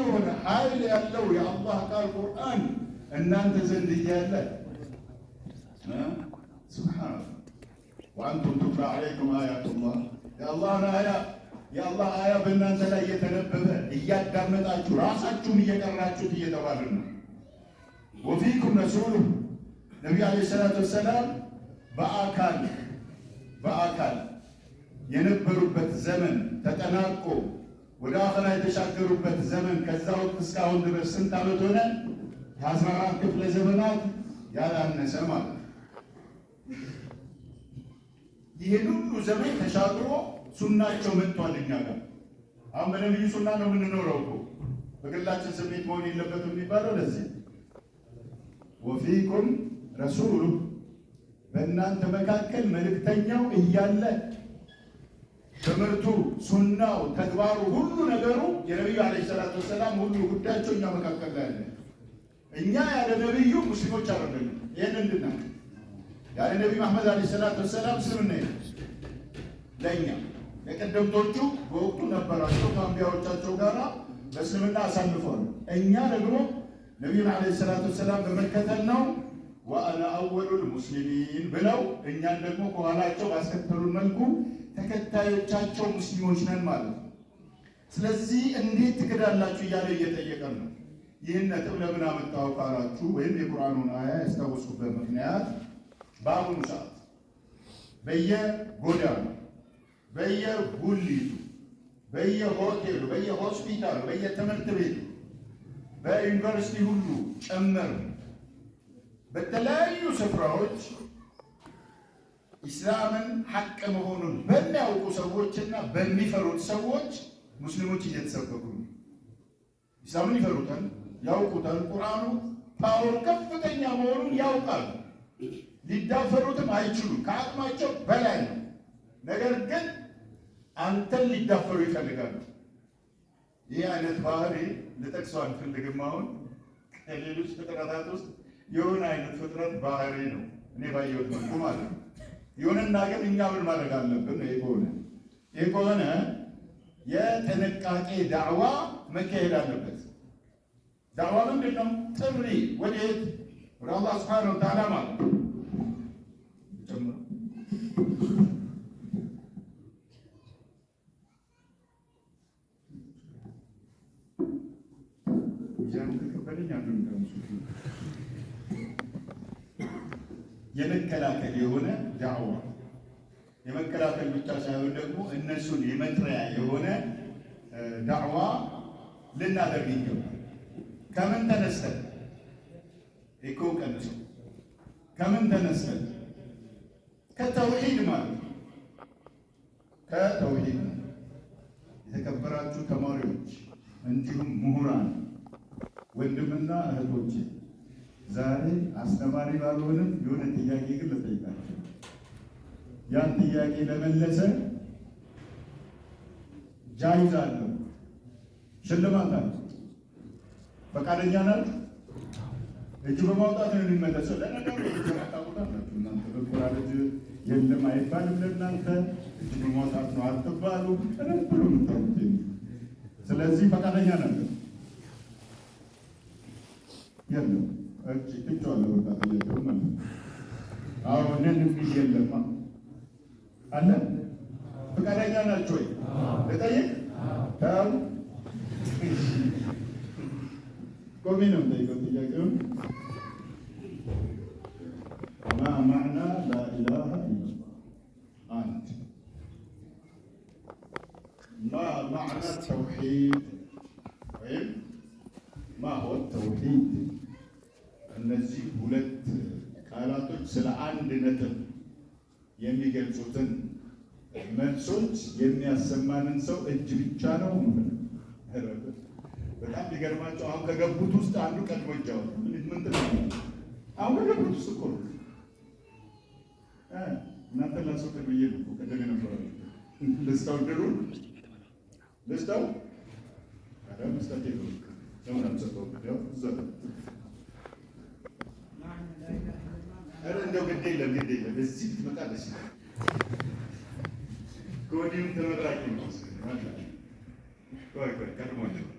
የሆነ ኃይል ያለው የአላህ ቃል ቁርአን እናንተ ዘንድ እያለ ስብሓን ወአንቱም ቱትላ ዓለይኩም አያቱላህ የአላህን አያ የአላህ አያ በእናንተ ላይ እየተነበበ እያዳመጣችሁ ራሳችሁን እየቀራችሁት እየተባልን ነው። ወፊኩም ረሱሉ ነቢዩ ዓለይሂ ሰላቱ ወሰላም በአካል በአካል የነበሩበት ዘመን ተጠናቆ ወደ አፈራ የተሻገሩበት ዘመን ከዛ ወቅት እስካሁን ድረስ ስንት ዓመት ሆነ? ከአስራ አራት ክፍለ ዘመናት ያላነሰ ማለት ነው። ይህን ሁሉ ዘመን ተሻግሮ ሱናቸው መጥቷል እኛ ጋር። አሁን በነቢዩ ሱና ነው የምንኖረው እኮ በግላችን ስሜት መሆን የለበትም የሚባለው ለዚህ ወፊኩም ረሱሉ በእናንተ መካከል መልእክተኛው እያለ ትምህርቱ፣ ሱናው፣ ተግባሩ፣ ሁሉ ነገሩ የነቢዩ አለ ሰላት ወሰላም ሁሉ ጉዳያቸው እኛ መካከል ላይ ያለ እኛ ያለ ነቢዩ ሙስሊሞች አረገን። ይህን እንድና ያለ ነቢ መሐመድ አለ ሰላት ወሰላም ስምና ለእኛ የቀደምቶቹ በወቅቱ ነበራቸው ከአንቢያዎቻቸው ጋር በእስልምና አሳልፈዋል። እኛ ደግሞ ነቢዩን አለ ሰላት ወሰላም በመከተል ነው ወአነ አወሉል ሙስሊሚን ብለው እኛን ደግሞ ከኋላቸው ባስከተሉን መልኩ ተከታዮቻቸው ሙስሊሞች ነን ማለት ነው። ስለዚህ እንዴት ትክዳላችሁ እያለ እየጠየቀን ነው። ይህን ነጥብ ለምን አመጣው ካላችሁ ወይም የቁርአኑን አያ ያስታወሱበት ምክንያት በአሁኑ ሰዓት በየጎዳኑ፣ በየጉሊቱ፣ በየሆቴሉ፣ በየሆስፒታሉ፣ በየትምህርት ቤቱ፣ በዩኒቨርሲቲ ሁሉ ጨምር በተለያዩ ስፍራዎች ኢስላምን ሀቅ መሆኑን በሚያውቁ ሰዎችና በሚፈሩት ሰዎች ሙስሊሞች እየተሰበኩ ነው። ኢስላምን ይፈሩታል፣ ያውቁታል። ቁርአኑ ፓወር ከፍተኛ መሆኑን ያውቃሉ። ሊዳፈሩትም አይችሉም፣ ከአቅማቸው በላይ ነው። ነገር ግን አንተን ሊዳፈሩ ይፈልጋሉ። ይህ አይነት ባህሪ ልጠቅሰው አልፈልግም። አሁን ከሌሎች ፍጥረታት ውስጥ የሆነ አይነት ፍጥረት ባህሪ ነው እኔ ባየሁት መልኩ ማለት ነው። ይሁንና ግን እኛ ምን ማድረግ አለብን? ይህ ከሆነ ይህ ከሆነ የጥንቃቄ ዳዕዋ መካሄድ አለበት። ዳዕዋ ምንድን ነው? ጥሪ ወዴት? ወደ አላህ ስብሓነሁ ወተዓላ ማለት ነው። የመከላከል የሆነ ዳዕዋ የመከላከል ብቻ ሳይሆን ደግሞ እነሱን የመጥሪያ የሆነ ዳዕዋ ልናደርግ ይገባል። ከምን ተነስተን እኮ ቀንሶ ከምን ተነስተን ከተውሂድ ማለት ከተውሂድ የተከበራችሁ ተማሪዎች እንዲሁም ምሁራን ወንድምና እህቶቼ ዛሬ አስተማሪ ባልሆንም የሆነ ጥያቄ ግን ልጠይቃቸው። ያን ጥያቄ ለመለሰ ጃይዝ አለው፣ ሽልማት አለ። ፈቃደኛ ናት። እጅ በማውጣት ነው የሚመለሰው። ለነገሩ ታውቁታል። እናንተ የለም አይባልም። ለእናንተ እጅ በማውጣት ነው አትባሉ ብሎ ምታት። ስለዚህ ፈቃደኛ ናት የለም ಕಿಚ್ಚೋಲ್ಲ ಗೊತ್ತಾಗ್ತದೆ ಸುಮ್ಮನೆ ಅವನಲ್ಲಿ ಮಿಷ የለማ አለ ፈቃደኛ ናቸው ወይ ለጠየቅ ታም ቆሜ ነው ጠይቀው ጥያቄውን ማ ማዕና ላኢላሃ ኢላላ አንድ ማ ማዕና ተውሒድ ስለ አንድ ነጥብ የሚገልጹትን መልሶች የሚያሰማንን ሰው እጅ ብቻ ነው። በጣም ሊገርማቸው አሁን ከገቡት ውስጥ አንዱ ቀድሞ እጃው ምን አሁን ከገቡት ውስጥ እኮ እናንተ ላሰው ከብዬ ነው ቅድም ነበረ ልስታው ድሩ ልስታው መስጠት ሆ ለምን ሰጠው እዛ ኧረ እንደው ግድ የለም ግድ የለም እዚህ ብትመጣ ደስ ይላል። ከወዲሁም ተመራቂ ነው። ቆይ ቆይ ቀድሞ